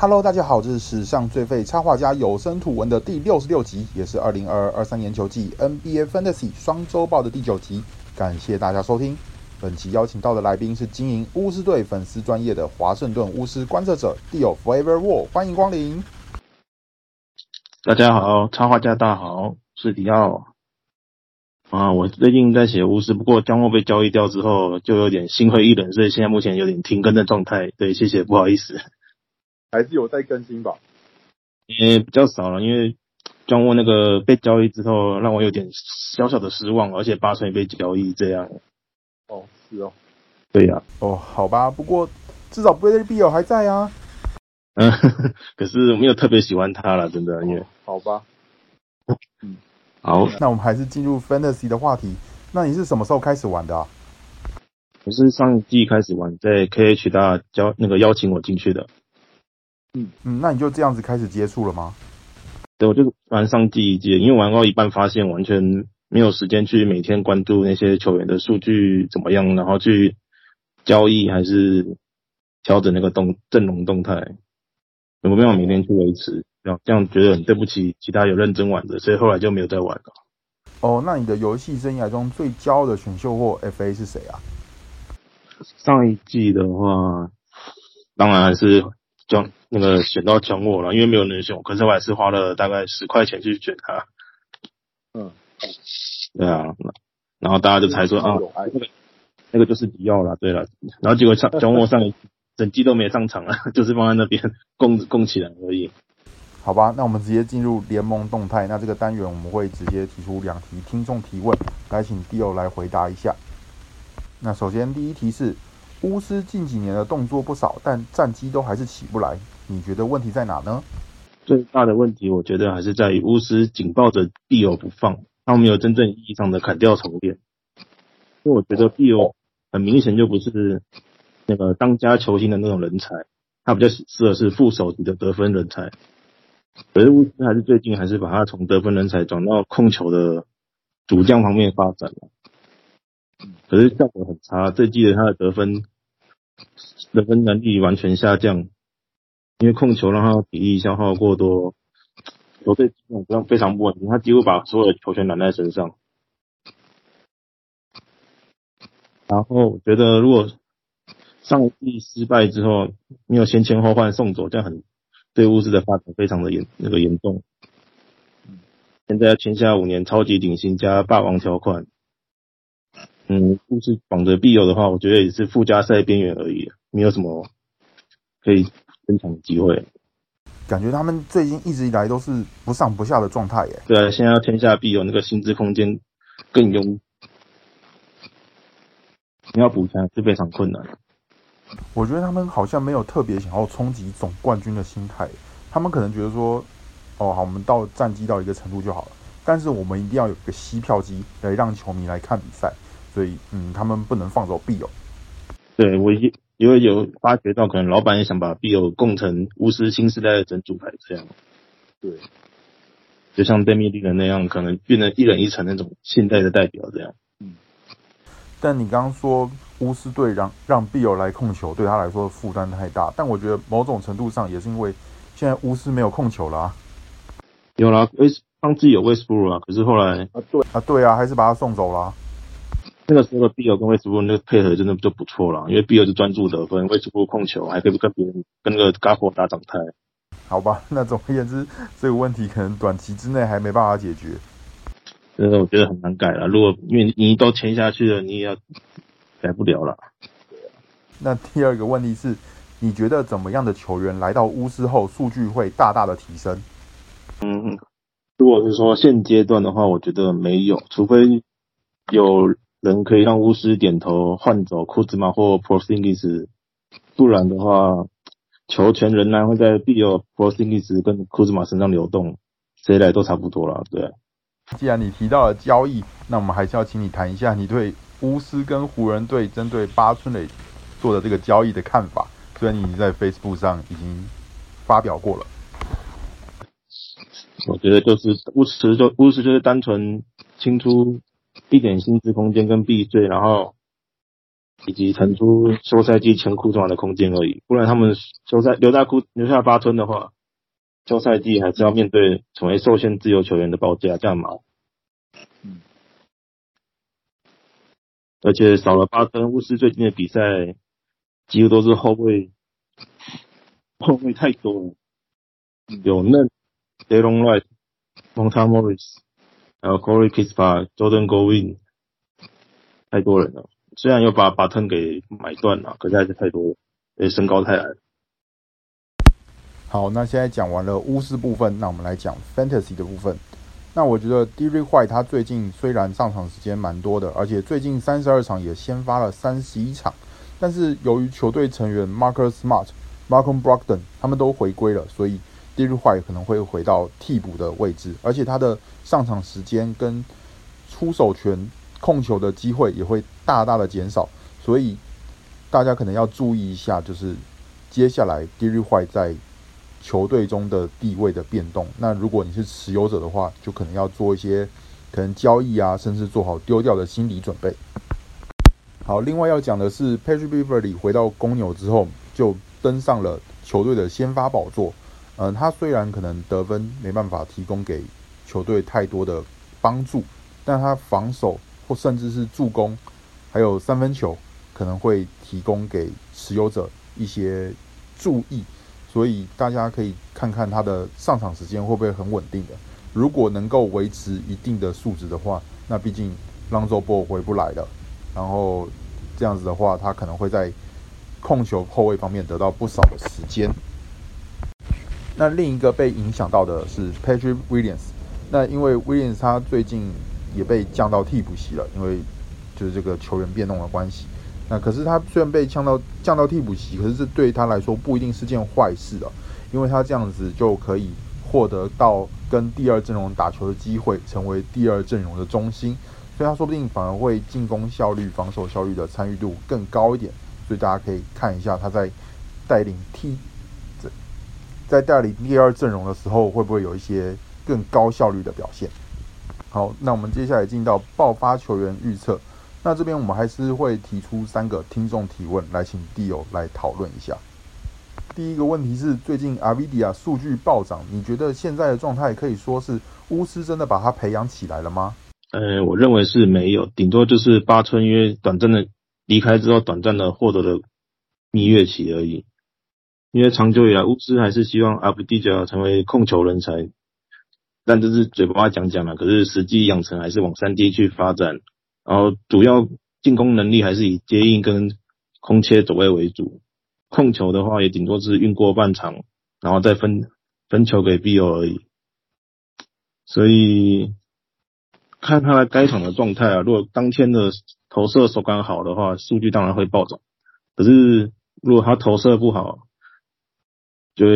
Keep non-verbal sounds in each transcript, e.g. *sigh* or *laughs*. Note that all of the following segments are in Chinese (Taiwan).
Hello，大家好，這是史上最廢插畫家有聲圖文的第六十六集，也是二零二二三年球季 NBA Fantasy 雙周報的第九集。感謝大家收聽。本期邀請到的來賓是經營巫師隊粉絲專業的華盛頓巫師觀測者迪奧 Forever Wall，歡迎光臨。大家好，插畫家大豪是迪奧。啊，我最近在寫巫師，不過將會被交易掉之後，就有點心灰意冷，所以現在目前有點停更的狀態。對，謝謝，不好意思。還是有在更新吧？因、欸、為比較少了，因為莊臥那個被交易之後，讓我有點小小的失望，而且八成也被交易這樣。哦，是哦。對呀、啊。哦，好吧，不過至少 Bradley Beal 還在啊。嗯，呵呵可是我沒有特別喜歡他了，真的，因為。好吧。嗯， *laughs* 好。那我們還是進入 Fantasy 的話題。那你是什麼時候開始玩的、啊？我是上一季開始玩，在 KH 大家那個邀請我進去的。嗯嗯，那你就這樣子開始接觸了嗎？對，我就玩上季一季，因為玩到一半發現完全沒有時間去每天關注那些球員的數據怎麼樣，然後去交易還是調整那個動陣容動態，有沒有每天去維持？然後這樣覺得很對不起其他有認真玩的，所以後來就沒有再玩了。哦、oh，那你的遊戲生涯中最驕傲的選秀或 FA 是誰啊？上一季的話，當然還是。獎那個選到獎我了，因為沒有人選我，可是我還是花了大概十塊錢去選他。嗯，對啊，然後大家就猜說啊，那、嗯、個、哦、那個就是迪奧了。對了，然後結果上獎我上一， *laughs* 整季都沒上場了，就是放在那邊供供起來而已。好吧，那我們直接進入聯盟動態。那這個單元我們會直接提出兩題聽眾提問，來請迪奧來回答一下。那首先第一題是。巫師近幾年的動作不少，但戰績都還是起不來。你覺得問題在哪呢？最大的問題，我覺得還是在於巫師緊抱着比爾不放，他沒有真正意義上的砍掉重練。因為我覺得比爾很明顯就不是那個當家球星的那種人才，他比較適合是副手級的得分人才。可是巫師還是最近還是把他從得分人才轉到控球的主將方面發展了。可是效果很差。這季的他的得分得分能力完全下降，因為控球讓他的體力消耗過多，球隊基本非常不穩定，他幾乎把所有的球權攬在身上。然後我覺得如果上一季失敗之後沒有先簽後換送走，這樣很對巫師的發展非常的嚴那個嚴重。現在要簽下五年超級頂薪加霸王條款。嗯，就是綁着比爾的話，我覺得也是附加賽邊緣而已，沒有什麼可以爭搶的機會。感覺他們最近一直以來都是不上不下的狀態耶。對，現在要天下比爾那個薪資空間更優，你要補強是非常困難。我覺得他們好像沒有特別想要衝擊總冠軍的心態，他們可能覺得說，哦，好，我們到戰績到一個程度就好了，但是我們一定要有一個吸票機來讓球迷來看比賽。所以，嗯，他們不能放走必有。對，我因為有發覺到，可能老板也想把必有供成巫師新時代的整組牌這樣。對，就像 Demi 那樣，可能變成一人一城那種現代的代表這樣。嗯。但你剛剛說巫師隊讓讓必有來控球，對他來說負擔太大。但我覺得某種程度上也是因為現在巫師沒有控球啦、啊。有啦，開始當自己有 w 斯 s t b r 可是後來啊，對啊，對啊，還是把他送走啦。那個時候的比爾跟威斯布魯那個配合真的就不錯了，因為比爾是專注得分，威斯布魯控球，還可以跟別人跟那個 Gafford 打狀態。好吧，那總而言之，這個問題可能短期之內還沒辦法解決。這個我覺得很難改了，如果因為你都簽下去了，你也要改不了了。那第二個問題是，你覺得怎麼樣的球員來到巫師後，數據會大大的提升？嗯，如果是說現階段的話，我覺得沒有，除非有。人可以讓巫師點頭換走庫茲馬或波辛尼斯，不然的話，球權仍然會在必有波辛尼斯跟庫茲馬身上流動，誰來都差不多啦。對。既然你提到了交易，那我們還是要請你談一下你對巫師跟湖人隊針對八村壘做的這個交易的看法。雖然你在 Facebook 上已經發表過了，我覺得就是巫師就巫師就是單純清除一點薪資空間跟避稅，然後以及騰出休賽季前庫存的空間而已。不然他們休賽留在庫留下巴頓的話，休賽季還是要面對成為受限自由球員的報價，這樣嘛。而且少了巴頓，巫師最近的比賽幾乎都是後衛，後衛太多了，有那德隆賴特、蒙特莫里斯。然後 Corey Kispert 把 Jordan Goodwin，太多人了。雖然又把 Barton 給買斷了，可是還是太多，也身高太矮。好，那現在講完了巫師部分，那我們來講 Fantasy 的部分。那我覺得 Derrick White 他最近雖然上場時間蠻多的，而且最近三十二場也先發了三十一場，但是由於球隊成員 Marcus Smart、Malcolm Brogdon 他們都回歸了，所以。Delon Wright 可能會回到替補的位置，而且他的上場時間跟出手權、控球的機會也會大大的減少，所以大家可能要注意一下，就是接下來 Delon Wright 在球隊中的地位的變動。那如果你是持有者的話，就可能要做一些可能交易啊，甚至做好丟掉的心理準備。好，另外要講的是，Patrick Beverley 回到公牛之後就登上了球隊的先發寶座。嗯、呃，他雖然可能得分沒辦法提供給球隊太多的幫助，但他防守或甚至是助攻，還有三分球可能會提供給持有者一些注意。所以大家可以看看他的上場時間會不會很穩定的。如果能夠維持一定的數值的話，那畢竟 Lonzo Ball 回不來了。然後這樣子的話，他可能會在控球後衛方面得到不少的時間。那另一個被影響到的是 Patrick Williams，那因為 Williams 他最近也被降到替補席了，因為就是這個球員變動的關係。那可是他雖然被降到降到替補席，可是這對他來說不一定是件壞事啊，因為他這樣子就可以獲得到跟第二陣容打球的機會，成為第二陣容的中心，所以他說不定反而會進攻效率、防守效率的參與度更高一點。所以大家可以看一下他在帶領替。在帶領第二陣容的時候，會不會有一些更高效率的表現？好，那我們接下來進到爆發球員預測。那這邊我們還是會提出三個聽眾提問，來請 D 友來討論一下。第一個問題是，最近阿維迪亞數據暴漲，你覺得現在的狀態可以說是烏斯真的把他培養起來了嗎？呃，我認為是沒有，頂多就是八村因為短暫的離開之後，短暫的獲得了蜜月期而已。因為長久以來，巫師還是希望阿布迪加成為控球人才，但這是嘴巴講講嘛。可是實際養成還是往三 D 去發展，然後主要進攻能力還是以接應跟空切走位為主，控球的話也頂多是運過半場，然後再分分球給 B 友而已。所以看他該場的狀態啊，如果當天的投射手感好的話，數據當然會暴漲，可是如果他投射不好，就，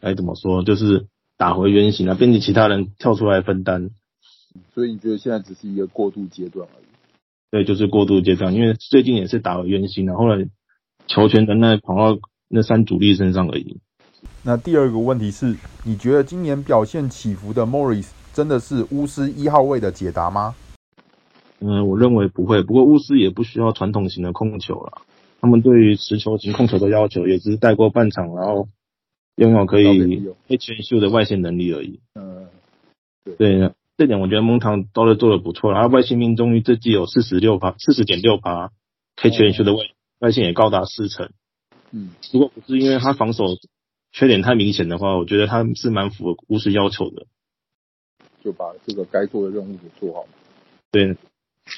該，怎麼說？就是打回原形了、啊，並且其他人跳出來分擔。所以你覺得現在只是一個過渡階段而已？對，就是過渡階段。因為最近也是打回原形了、啊，後來球權仍然跑到那三主力身上而已。那第二個問題是，你覺得今年表現起伏的 Morris 真的是巫師一號位的解答嗎？嗯，我認為不會。不過巫師也不需要傳統型的控球了。他們對於持球及控球的要求，也只是帶過半場，然後擁有可以 H 秀的外線能力而已。嗯，對，對這點我覺得蒙堂都是做的不錯，他外線命中率這季有四十六八，四十點六八，H 的外、嗯、外線也高達四成。嗯，如果不是因為他防守缺點太明顯的話，我覺得他是蠻符合巫師要求的。就把這個該做的任務給做好。對。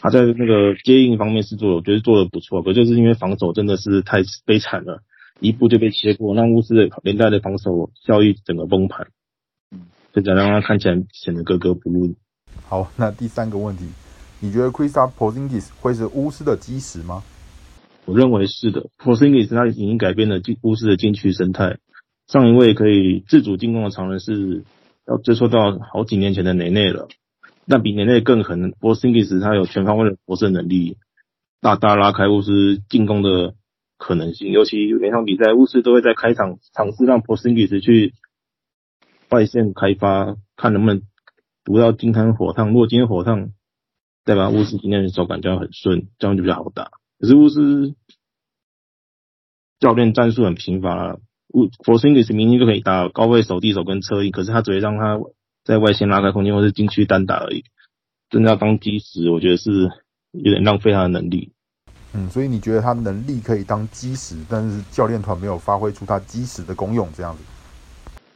他在那個接應方面是做的，我覺得做的不錯，可就是因為防守真的是太悲慘了，一步就被切過，讓巫師的連帶的防守效益整個崩盤，嗯、就這樣讓他看起來顯得格格不入。好，那第三個問題，你覺得 Kristaps Porzingis 會是巫師的基石嗎？我認為是的，Porzingis 他已經改變了進巫師的進取生態，上一位可以自主進攻的長人是要追溯到好幾年前的內內了。但比年內更可能 Porzingis 他有全方位的投射能力，大大拉開巫師進攻的可能性。尤其每場比賽，巫師都會在開場嘗試讓 Porzingis 去外線開發，看能不能不要今天火燙。如果今天火燙，代表巫師今天的手感就很順，這樣就比較好打。可是巫師教練戰術很頻繁 Porzingis 明天就可以打高位手遞手跟策應，可是他只會讓他。在外線拉開空間，或是禁區單打而已。真的要當基石，我覺得是有點浪費他的能力。嗯，所以你覺得他能力可以當基石，但是教練團沒有發揮出他基石的功用，這樣子？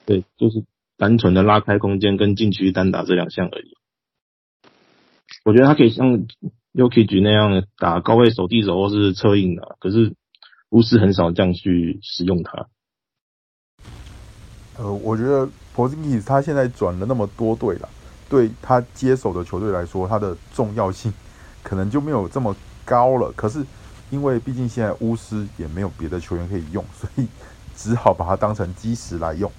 對，就是單純的拉開空間跟禁區單打這兩項而已。我覺得他可以像 Jokic 那樣打高位手遞手或是策應的，可是巫師很少這樣去使用它。呃，我覺得波爾辛吉斯他現在轉了那麼多隊了，對他接手的球隊來說，他的重要性可能就沒有這麼高了。可是因為畢竟現在巫師也沒有別的球員可以用，所以只好把他當成基石來用，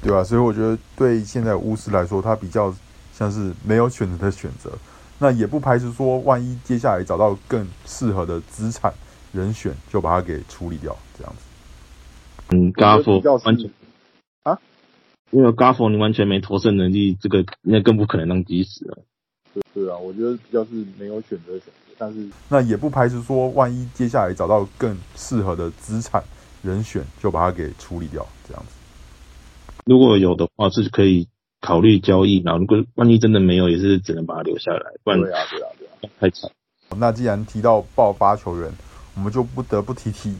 對吧，啊？所以我覺得對現在巫師來說，他比較像是沒有選擇的選擇。那也不排除說，萬一接下來找到更適合的資產人選，就把他給處理掉，這樣子。嗯，大家說安全。因為 Gafford 你完全沒投射能力，這個那更不可能當基石了。了。對啊，我覺得要是沒有選擇的選擇，但是那也不排除說，萬一接下來找到更適合的資產人選，就把它給處理掉，這樣子。如果有的話，是可以考慮交易；然後如果萬一真的沒有，也是只能把它留下來。不然對啊對啊對啊，太慘。那既然提到爆發球員，我們就不得不提提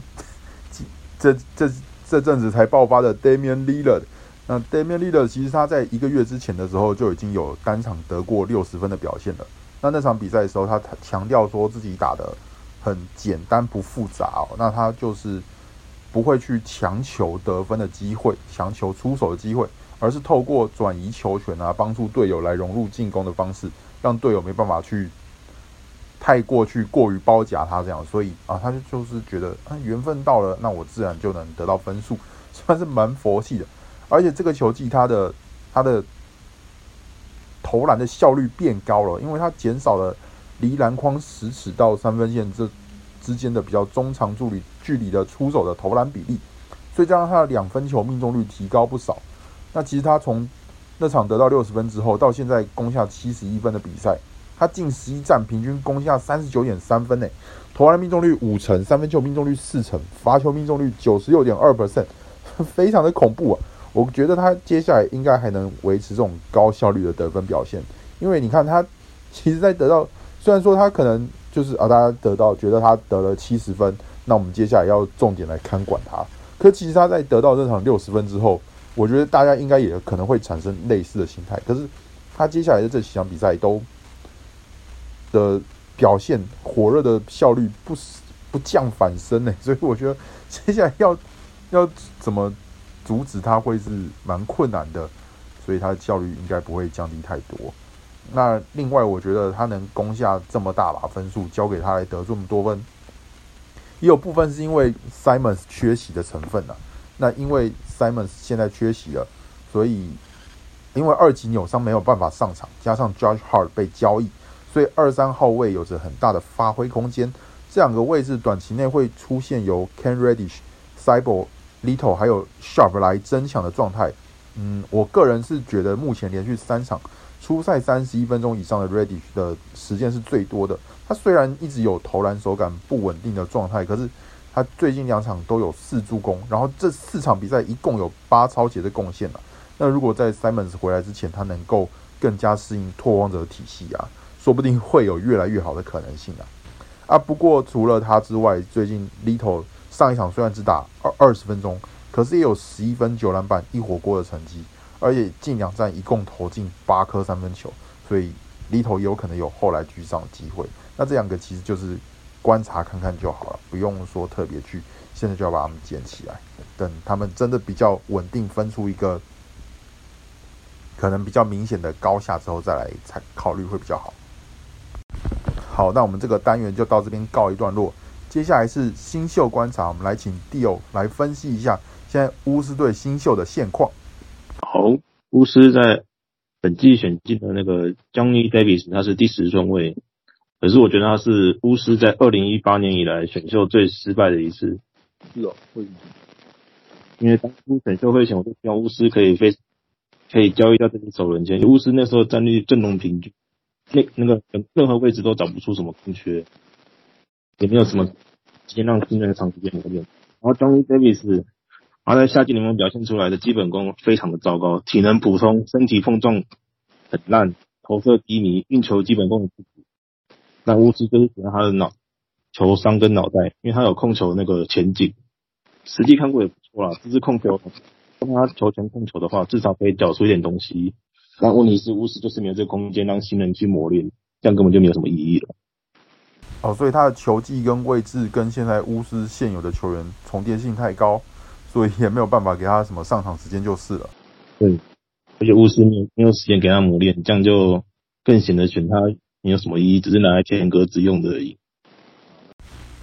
這這這陣子才爆發的 Damian Lillard。那 Damian Lillard 其實他在一個月之前的時候就已經有單場得過六十分的表現了。那那場比賽的時候，他他強調說自己打的很簡單不複雜哦，那他就是不會去強求得分的機會，強求出手的機會，而是透過轉移球權啊，幫助隊友來融入進攻的方式，讓隊友沒辦法去太過去過於包夾他這樣。所以啊，他就就是覺得啊，緣分到了，那我自然就能得到分數，算是蠻佛系的。而且這個球季他，他的他的投籃的效率變高了，因為他減少了離籃筐十尺到三分線這之間的比較中長距離距離距離的出手的投籃比例，所以這樣他的兩分球命中率提高不少。那其實他從那場得到六十分之後，到現在攻下七十一分的比賽，他近十一戰平均攻下三十九點三分嘞、欸，投籃命中率五成，三分球命中率四成，罰球命中率九十六點二 percent，非常的恐怖啊！我覺得他接下來應該還能維持這種高效率的得分表現，因為你看他其實在得到雖然說他可能就是啊，大家得到覺得他得了七十分，那我們接下來要重點來看管他。可其實他在得到這場六十分之後，我覺得大家應該也可能會產生類似的心態。可是他接下來的這幾場比賽都的表現火熱的效率不不降反升呢，所以我覺得接下來要要怎麼？阻止他會是蠻困難的，所以他的效率應該不會降低太多。那另外，我覺得他能攻下這麼大把分數，交給他來得這麼多分，也有部分是因為 Simons 缺席的成分了，啊。那因為 Simons 現在缺席了，所以因為二級扭傷沒有辦法上場，加上 Josh Hart 被交易，所以二三號位有着很大的發揮空間。這兩個位置短期內會出現由 Cam Reddish、Cyborg。Little 還有 Sharp 來爭搶的狀態，嗯，我個人是覺得目前連續三場出賽三十一分鐘以上的 Reddish 的時間是最多的。他雖然一直有投籃手感不穩定的狀態，可是他最近兩場都有四助攻，然後這四場比賽一共有八抄截的貢獻了。那如果在 Simons 回來之前，他能夠更加適應拓荒者的體系啊，說不定會有越來越好的可能性啊。啊，不過除了他之外，最近 Little。上一場雖然只打二二十分鐘，可是也有十一分九籃板一火鍋的成績，而且近兩戰一共投進八顆三分球，所以裡頭有可能有後來居上的機會。那這兩個其實就是觀察看看就好了，不用說特別去，現在就要把他們撿起來，等他們真的比較穩定，分出一個可能比較明顯的高下之後，再來才考慮會比較好。好，那我們這個單元就到這邊告一段落。接下來是新秀觀察，我們來請 d 歐來分析一下現在巫師隊新秀的現況。好，巫師在本季選進的那個江尼· h 比斯，他是第十順位，可是我覺得他是巫師在二零一八年以來選秀最失敗的一次。是哦，會。因為當初選秀會前我就希望巫師可以非常，可以交易到這些首輪為巫師那時候戰力陣容平均，那那個任何位置都找不出什麼空缺。也沒有什麼時間讓新人長時間磨練。然後 Johnny Davis，他在夏季裡面表現出來的基本功非常的糟糕，體能普通，身體碰撞很爛，投射低迷，運球基本功也不足。那巫師就是喜歡他的腦球商跟腦袋，因為他有控球的那個前景。實際看過也不錯啦，只是控球，跟他球權控球的話，至少可以找出一點東西。那問題是巫師就是沒有這個空間讓新人去磨練，這樣根本就沒有什麼意義了。哦，所以他的球技跟位置跟現在巫師現有的球員重疊性太高，所以也沒有辦法給他什麼上場時間就是了。對，而且巫師沒有沒有時間給他磨練，這樣就更顯得選他沒有什麼意義，只是拿來填格子用的而已。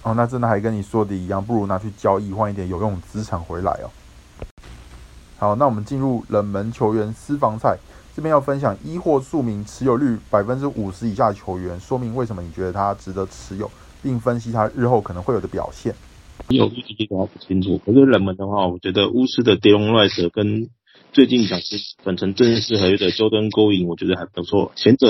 哦，那真的還跟你說的一樣，不如拿去交易換一點有用資產回來哦。好，那我們進入冷門球員私房菜。這邊要分享一或數名持有率百分之五十以下的球員，說明為什麼你覺得他值得持有，並分析他日後可能會有的表現。有議題給不清楚，可是冷門的話，我覺得巫師的迪隆萊特跟最近想轉成正式合約的 Jordan Goodwin，我覺得還不錯。前者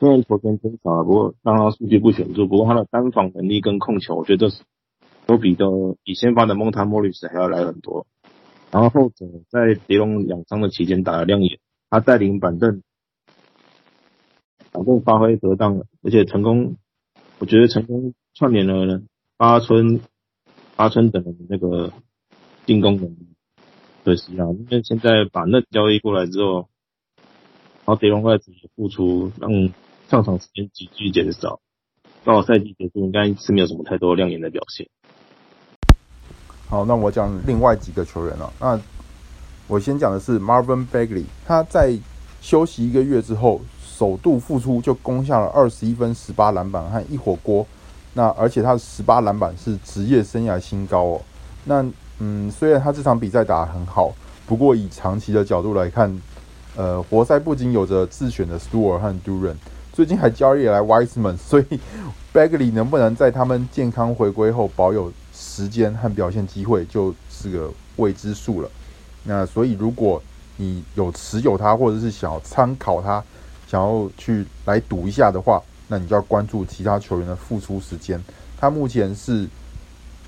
雖然球權很少，不過當然數據不顯著，不過他的單防能力跟控球，我覺得都比較比先發的蒙塔莫里斯還要來很多。然後後者在迪龍養傷的期間打了亮眼。他帶領板凳，板凳發揮得當了，而且成功，我覺得成功串聯了八村、八村等的那個進攻能力。可惜啊，因為現在把那交易過來之後，然後 Delon Wright 自己復出，讓上場時間急劇減少，到賽季結束應該是沒有什麼太多亮眼的表現。好，那我講另外幾個球員了，那。我先講的是 Marvin Bagley，他在休息一個月之後首度復出，就攻下了二十一分、十八籃板和一火鍋。那而且他的十八籃板是職業生涯新高哦。那嗯，雖然他這場比賽打得很好，不過以長期的角度來看，呃，活塞不僅有着自選的 Stewart 和 Duren，最近還交易來 Wiseman，所以 *laughs* Bagley 能不能在他們健康回歸後保有時間和表現機會，就是個未知數了。那所以，如果你有持有他，或者是想要參考他，想要去來賭一下的話，那你就要關注其他球員的復出時間。他目前是，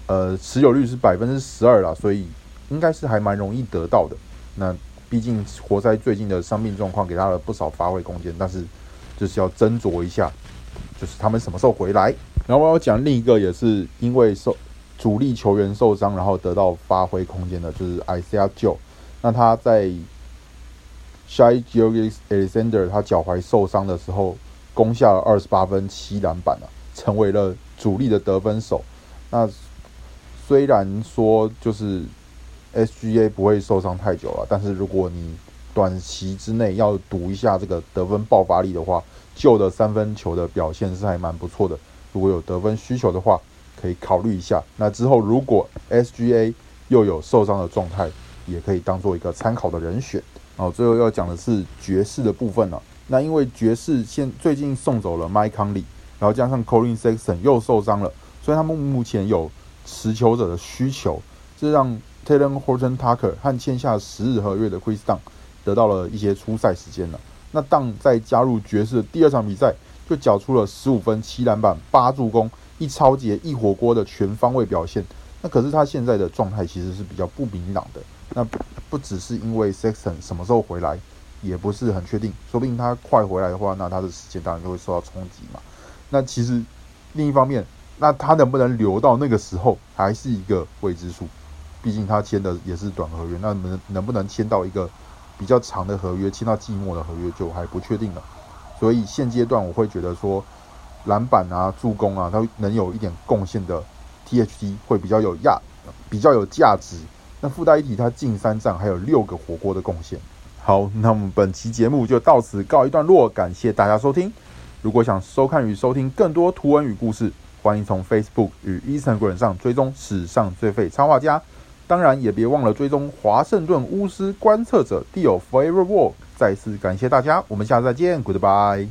呃，持有率是百分之十二啦，所以應該是還蠻容易得到的。那畢竟活塞最近的傷病狀況給他了不少發揮空間，但是就是要斟酌一下，就是他們什麼時候回來。然後我要講另一個也是因為受主力球員受傷，然後得到發揮空間的，就是 Isaiah Joe。那他在 Shai Gilgeous-Alexander 他腳踝受傷的時候，攻下了二十八分七籃板了、啊，成為了主力的得分手。那雖然說就是 SGA 不會受傷太久了，但是如果你短期之內要賭一下這個得分爆發力的話，舊的三分球的表現是還蠻不錯的。如果有得分需求的話，可以考慮一下。那之後如果 SGA 又有受傷的狀態，也可以當做一個參考的人選哦。最後要講的是爵士的部分了、啊。那因為爵士現最近送走了麥康利，然後加上 Collin Sexton 又受傷了，所以他們目前有持球者的需求，這讓 Talen Horton Tucker 和簽下十日合約的 Kris Dunn 得到了一些出賽時間了。那當再加入爵士的第二場比賽，就繳出了十五分、七籃板、八助攻、一抄截、一火鍋的全方位表現。那可是他現在的狀態其實是比較不明朗的。那不只是因為 Sexton 什麼時候回來，也不是很確定。說不定他快回來的話，那他的時間當然就會受到衝擊嘛。那其實另一方面，那他能不能留到那個時候還是一個未知數。畢竟他簽的也是短合約，那能能不能簽到一個比較長的合約，簽到季末的合約就還不確定了。所以現階段我會覺得說，籃板啊、助攻啊，他能有一點貢獻的，THD 會比較有價，比較有價值。那附帶一提，他近三戰還有六個火鍋的貢獻。好，那我們本期節目就到此告一段落，感謝大家收聽。如果想收看與收聽更多圖文與故事，歡迎從 Facebook 與 Instagram 上追蹤史上最廢插畫家。當然，也別忘了追蹤華盛頓巫師觀測者 DIO Forever Wall。再次感謝大家，我們下次再見，Goodbye。